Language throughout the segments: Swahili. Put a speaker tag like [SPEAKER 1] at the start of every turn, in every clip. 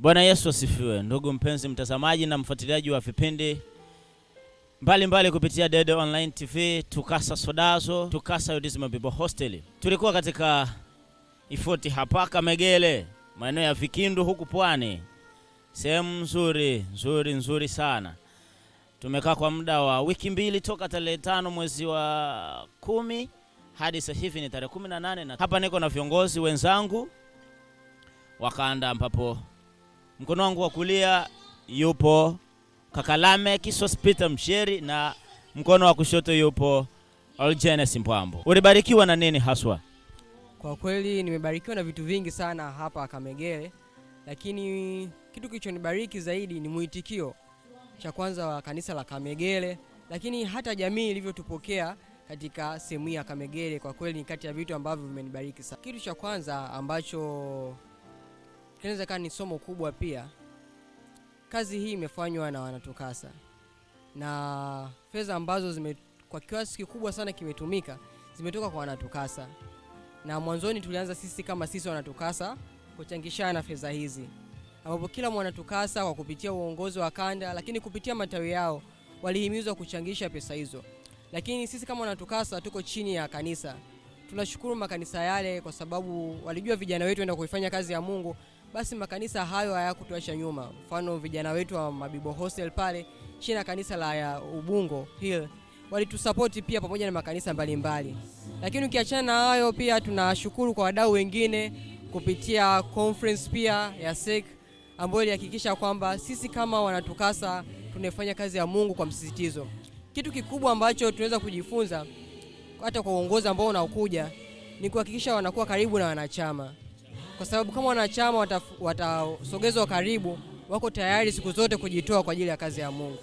[SPEAKER 1] Bwana Yesu asifiwe, ndugu mpenzi mtazamaji na mfuatiliaji wa vipindi mbalimbali kupitia Dede Online TV, tukasa sodazo, tukasa Udizima Bible Hostel. Tulikuwa katika Ifoti hapa Kamegele, maeneo ya Vikindu huku Pwani, sehemu nzuri nzuri nzuri sana. Tumekaa kwa muda wa wiki mbili toka tarehe tano mwezi wa kumi hadi sasa hivi ni tarehe kumi na nane na hapa niko na viongozi wenzangu wakaanda ambapo Mkono wangu wa kulia yupo Kakalame Kisos Peter Msheri, na mkono wa kushoto yupo Olgenes Mbwambo. Ulibarikiwa na nini haswa?
[SPEAKER 2] Kwa kweli nimebarikiwa na vitu vingi sana hapa Kamegere, lakini kitu kilichonibariki zaidi ni mwitikio cha kwanza wa kanisa la Kamegere, lakini hata jamii ilivyotupokea katika sehemu ya Kamegere, kwa kweli ni kati ya vitu ambavyo vimenibariki sana. Kitu cha kwanza ambacho kinaweza ikawa ni somo kubwa pia. Kazi hii imefanywa na wanatukasa na fedha ambazo zime, kwa kiasi kikubwa sana kimetumika zimetoka kwa wanatukasa, na mwanzoni tulianza sisi kama sisi wanatukasa kuchangishana fedha hizi, ambapo kila mwanatukasa kwa kupitia uongozi wa kanda, lakini kupitia matawi yao walihimizwa kuchangisha pesa hizo. Lakini sisi kama wanatukasa tuko chini ya kanisa. Tunashukuru makanisa yale kwa sababu walijua vijana wetu enda kuifanya kazi ya Mungu basi makanisa hayo hayakutuacha nyuma. Mfano vijana wetu wa Mabibo Hostel pale chini ya kanisa la ya Ubungo Hill walitusapoti pia pamoja na makanisa mbalimbali mbali. Lakini ukiachana na hayo, pia tunashukuru kwa wadau wengine kupitia conference pia ya SEC ambayo ilihakikisha kwamba sisi kama wanatukasa tunafanya kazi ya Mungu kwa msisitizo. Kitu kikubwa ambacho tunaweza kujifunza hata kwa uongozi ambao unaokuja ni kuhakikisha wanakuwa karibu na wanachama kwa sababu kama wanachama watasogezwa karibu, wako tayari siku zote kujitoa kwa ajili ya kazi ya Mungu.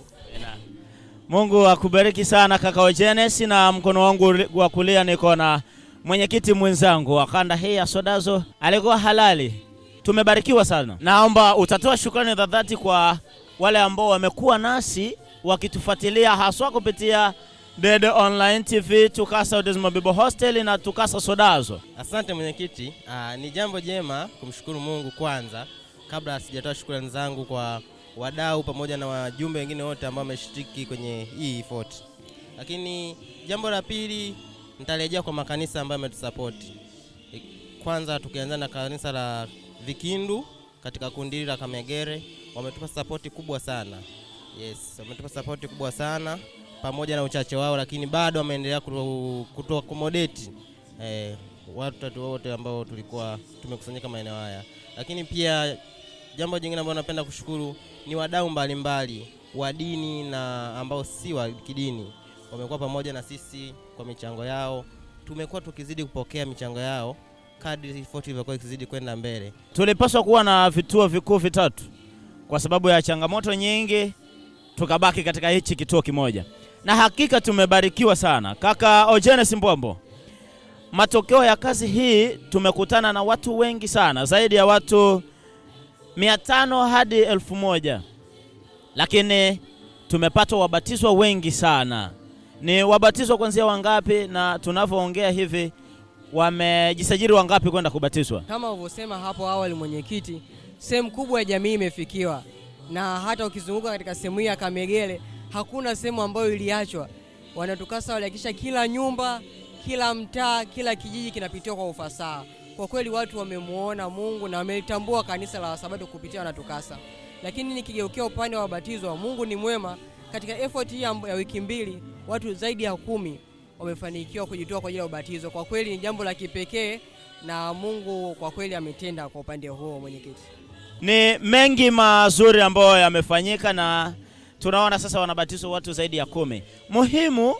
[SPEAKER 1] Mungu akubariki sana kaka Ogenes, na mkono wangu wa kulia niko na mwenyekiti mwenzangu wa kanda hii ya Sodazo, alikuwa halali. Tumebarikiwa sana, naomba utatoa shukrani za dhati kwa wale ambao wamekuwa nasi wakitufuatilia haswa kupitia Dede Online TV TUCASA Udezimabebo Hostel na Tukasa Sodazo.
[SPEAKER 3] Asante mwenyekiti. Ah, ni jambo jema kumshukuru Mungu kwanza kabla sijatoa shukrani zangu kwa wadau pamoja na wajumbe wengine wote ambao wameshiriki kwenye hii effort. Lakini jambo la pili nitarejea kwa makanisa ambayo ametusapoti. Kwanza tukianza na kanisa la Vikindu katika kundi la Kamegere wametupa sapoti kubwa sana. Yes, wametupa support kubwa sana pamoja na uchache wao, lakini bado wameendelea kutoa accommodate eh, watu wote ambao tulikuwa tumekusanyika maeneo haya. Lakini pia jambo jingine ambalo napenda kushukuru ni wadau mbalimbali wa dini na ambao si wa kidini, wamekuwa pamoja na sisi kwa michango yao. Tumekuwa tukizidi kupokea michango yao kadri fort ilivyokuwa ikizidi kwenda mbele.
[SPEAKER 1] Tulipaswa kuwa na vituo vikuu vitatu kwa sababu ya changamoto nyingi tukabaki katika hichi kituo kimoja, na hakika tumebarikiwa sana. Kaka Ojenes mbombo matokeo ya kazi hii, tumekutana na watu wengi sana, zaidi ya watu mia tano hadi elfu moja lakini tumepata wabatizwa wengi sana. Ni wabatizwa kuanzia wangapi? Na tunavyoongea hivi wamejisajili wangapi kwenda kubatizwa?
[SPEAKER 2] Kama ulivyosema hapo awali, mwenyekiti, sehemu kubwa ya jamii imefikiwa na hata ukizunguka katika sehemu hii ya Kamegere hakuna sehemu ambayo iliachwa. Wanatukasa walihakikisha kila nyumba, kila mtaa, kila kijiji kinapitiwa kwa ufasaha. Kwa kweli watu wamemuona Mungu na wamelitambua kanisa la Sabato kupitia wanatukasa. Lakini nikigeukia upande wa wabatizwa, Mungu ni mwema. Katika effort hii ya wiki mbili, watu zaidi ya kumi wamefanikiwa kujitoa kwa ajili ya ubatizo. Kwa kweli ni jambo la kipekee na Mungu kwa kweli ametenda kwa upande huo, mwenyekiti.
[SPEAKER 1] Ni mengi mazuri ambayo yamefanyika na tunaona sasa wanabatizwa watu zaidi ya kumi. Muhimu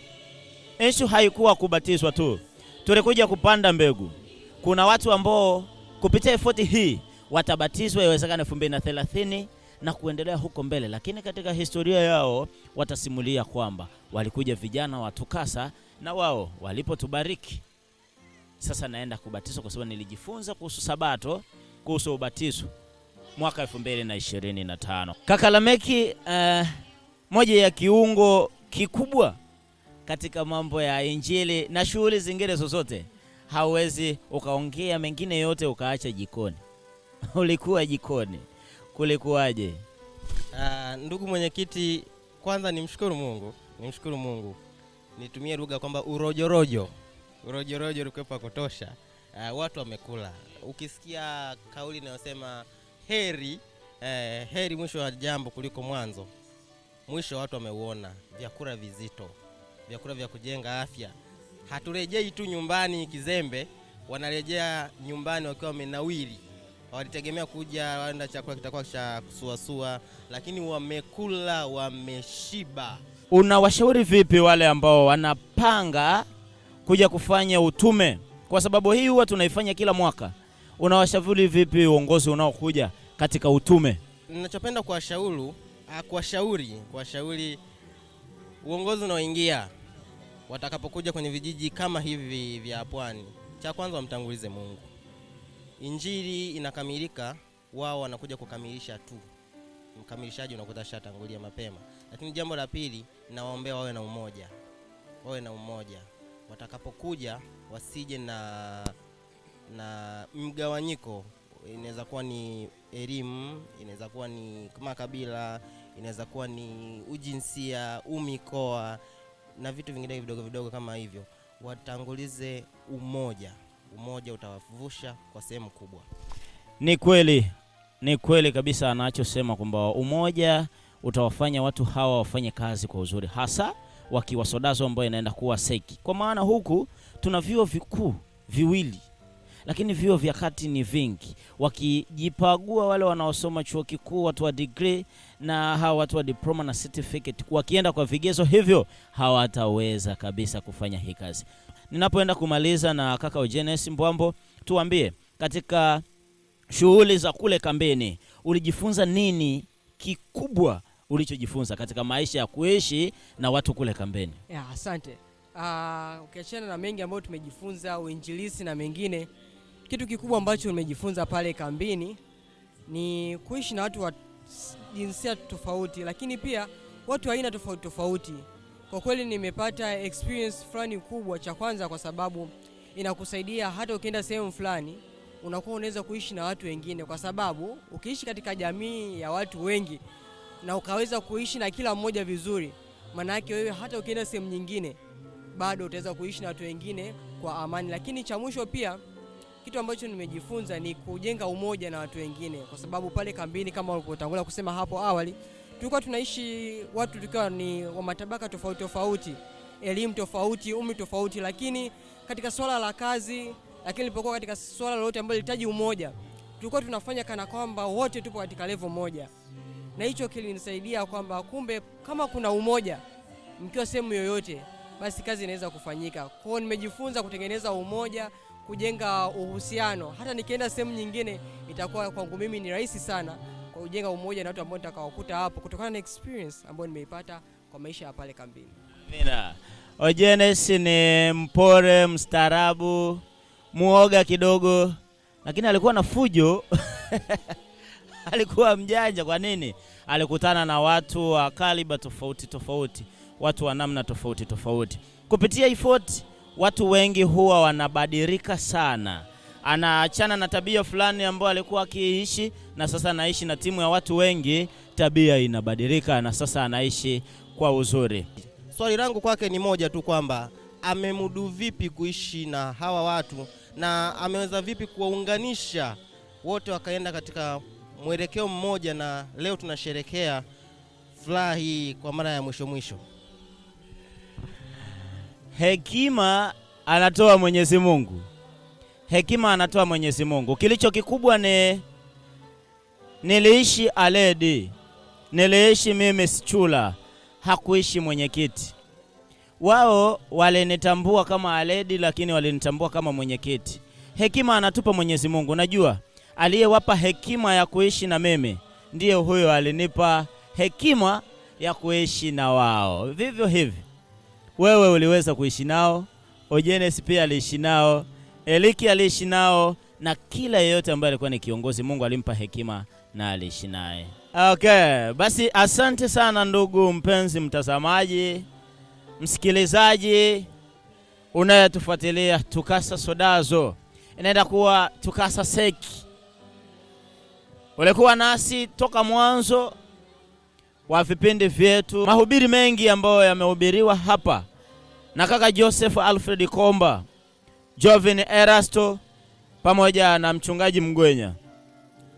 [SPEAKER 1] ishu haikuwa kubatizwa tu, tulikuja kupanda mbegu. Kuna watu ambao kupitia efoti hii watabatizwa iwezekana mbili na kuendelea huko mbele, lakini katika historia yao watasimulia kwamba walikuja vijana wa Tukasa na wao walipotubariki. Sasa naenda kubatizwa kwa sababu nilijifunza kuhusu Sabato, kuhusu ubatizo mwaka 2025. Kaka Lameki, uh, moja ya kiungo kikubwa katika mambo ya injili na shughuli zingine zozote, hauwezi ukaongea mengine yote ukaacha jikoni. Ulikuwa jikoni, kulikuwaje?
[SPEAKER 3] Uh, ndugu mwenyekiti, kwanza nimshukuru Mungu, nimshukuru Mungu, nitumie lugha kwamba urojorojo urojorojo ulikuwepo kutosha. Uh, watu wamekula. Ukisikia kauli inayosema heri eh, heri mwisho wa jambo kuliko mwanzo. Mwisho watu wameuona, vyakula vizito, vyakula vya kujenga afya. Haturejei tu nyumbani kizembe, wanarejea nyumbani wakiwa wamenawili. Walitegemea kuja waenda chakula kitakuwa cha kusuasua, lakini wamekula, wameshiba.
[SPEAKER 1] Unawashauri vipi wale ambao wanapanga kuja kufanya utume? Kwa sababu hii huwa tunaifanya kila mwaka unawashauri vipi uongozi unaokuja katika utume?
[SPEAKER 3] Ninachopenda kuwashauri ah, kuwashauri kuwashauri uongozi unaoingia watakapokuja kwenye vijiji kama hivi vya pwani, cha kwanza wamtangulize Mungu. Injili inakamilika, wao wanakuja kukamilisha tu, mkamilishaji unakuta shatangulia mapema. Lakini jambo la pili, nawaombea wawe na umoja, wawe na umoja watakapokuja, wasije na na mgawanyiko inaweza kuwa ni elimu, inaweza kuwa ni makabila, inaweza kuwa ni ujinsia, umikoa na vitu vingine vidogo vidogo kama hivyo. Watangulize umoja, umoja utawavusha kwa sehemu kubwa.
[SPEAKER 1] Ni kweli, ni kweli kabisa anachosema kwamba umoja utawafanya watu hawa wafanye kazi kwa uzuri, hasa wakiwasodazo ambayo inaenda kuwa seki, kwa maana huku tuna vyuo vikuu viwili lakini vyuo vya kati ni vingi, wakijipagua wale wanaosoma chuo kikuu, watu wa degree na hawa watu wa diploma na certificate, wakienda kwa vigezo hivyo hawataweza kabisa kufanya hii kazi. Ninapoenda kumaliza na kaka Ojenes Mbwambo, tuambie katika shughuli za kule kambini ulijifunza nini kikubwa ulichojifunza katika maisha ya kuishi na watu kule kambini?
[SPEAKER 2] Ya, asante. Uh, ukiachana na mengi ambayo tumejifunza uinjilisi na mengine kitu kikubwa ambacho nimejifunza pale kambini ni kuishi na watu wa jinsia tofauti, lakini pia watu aina tofauti tofauti. Kwa kweli nimepata experience fulani kubwa, cha kwanza kwa sababu inakusaidia hata ukienda sehemu fulani unakuwa unaweza kuishi na watu wengine, kwa sababu ukiishi katika jamii ya watu wengi na ukaweza kuishi na kila mmoja vizuri, maana yake wewe hata ukienda sehemu nyingine bado utaweza kuishi na watu wengine kwa amani. Lakini cha mwisho pia kitu ambacho nimejifunza ni kujenga umoja na watu wengine, kwa sababu pale kambini, kama ulivyotangulia kusema hapo awali, tulikuwa tunaishi watu tukiwa ni wa matabaka tofauti tofauti, elimu tofauti, umri tofauti, lakini katika swala la kazi, lakini ilipokuwa katika swala lolote ambalo lilihitaji umoja, tulikuwa tunafanya kana kwamba wote tupo katika level moja, na hicho kilinisaidia kwamba kumbe kama kuna umoja mkiwa sehemu yoyote, basi kazi inaweza kufanyika. Kwa hiyo nimejifunza kutengeneza umoja kujenga uhusiano. Hata nikienda sehemu nyingine itakuwa kwangu mimi ni rahisi sana kwa kujenga umoja na watu ambao nitakawakuta hapo kutokana na experience ambayo nimeipata kwa maisha ya pale kambini.
[SPEAKER 1] Amina. Ojenes ni mpore, mstaarabu, muoga kidogo, lakini alikuwa na fujo alikuwa mjanja. Kwa nini? Alikutana na watu wa kaliba tofauti tofauti, watu wa namna tofauti tofauti kupitia ifoti watu wengi huwa wanabadilika sana, anaachana na tabia fulani ambayo alikuwa akiishi, na sasa anaishi na timu ya watu wengi, tabia inabadilika, na sasa anaishi kwa uzuri.
[SPEAKER 3] Swali langu kwake ni moja tu kwamba amemudu vipi kuishi na hawa watu na ameweza vipi kuwaunganisha wote wakaenda katika mwelekeo mmoja, na leo tunasherekea furaha hii kwa mara ya mwisho mwisho.
[SPEAKER 1] Hekima anatoa Mwenyezi Mungu, hekima anatoa Mwenyezi Mungu. Kilicho kikubwa ni niliishi Aledi, niliishi mimi Schula, hakuishi mwenyekiti wao. Walinitambua kama Aledi, lakini walinitambua kama mwenyekiti. Hekima anatupa Mwenyezi Mungu. Najua aliyewapa hekima ya kuishi na mimi ndiye huyo alinipa hekima ya kuishi na wao, vivyo hivyo wewe uliweza kuishi nao, Ojenes pia aliishi nao, Eliki aliishi nao, na kila yeyote ambaye alikuwa ni kiongozi, Mungu alimpa hekima na aliishi naye. Okay, basi asante sana ndugu mpenzi mtazamaji, msikilizaji unayetufuatilia TUCASA Sodazo, inaenda kuwa TUCASA Seki. Ulikuwa nasi toka mwanzo wa vipindi vyetu, mahubiri mengi ambayo yamehubiriwa hapa na kaka Joseph Alfred Komba, Jovin Erasto pamoja na mchungaji Mgwenya,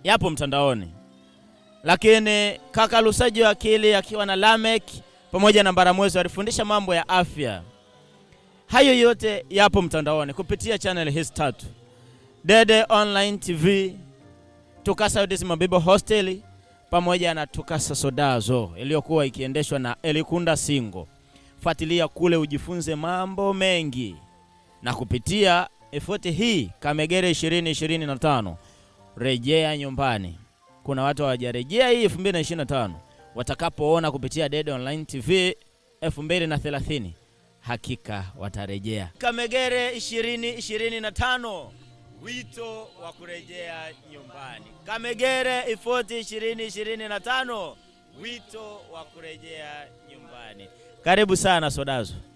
[SPEAKER 1] yapo mtandaoni. Lakini kaka Lusaji wa akili akiwa na Lamek pamoja na Mbaramwezi walifundisha mambo ya afya. Hayo yote yapo mtandaoni kupitia channel hizi tatu: Dede Online TV, Tukasa Udisi Mabibo Hosteli, pamoja na Tukasa SODAZO iliyokuwa ikiendeshwa na Elikunda Singo. Fuatilia kule ujifunze mambo mengi, na kupitia efoti hii Kamegere 2025 rejea nyumbani. Kuna watu hawajarejea hii 2025 watakapoona kupitia Dead Online TV 2030 hakika watarejea Kamegere 2025 wito wa kurejea nyumbani. Kamegere Ifoti 2025 wito wa kurejea nyumbani. Karibu sana Sodazo.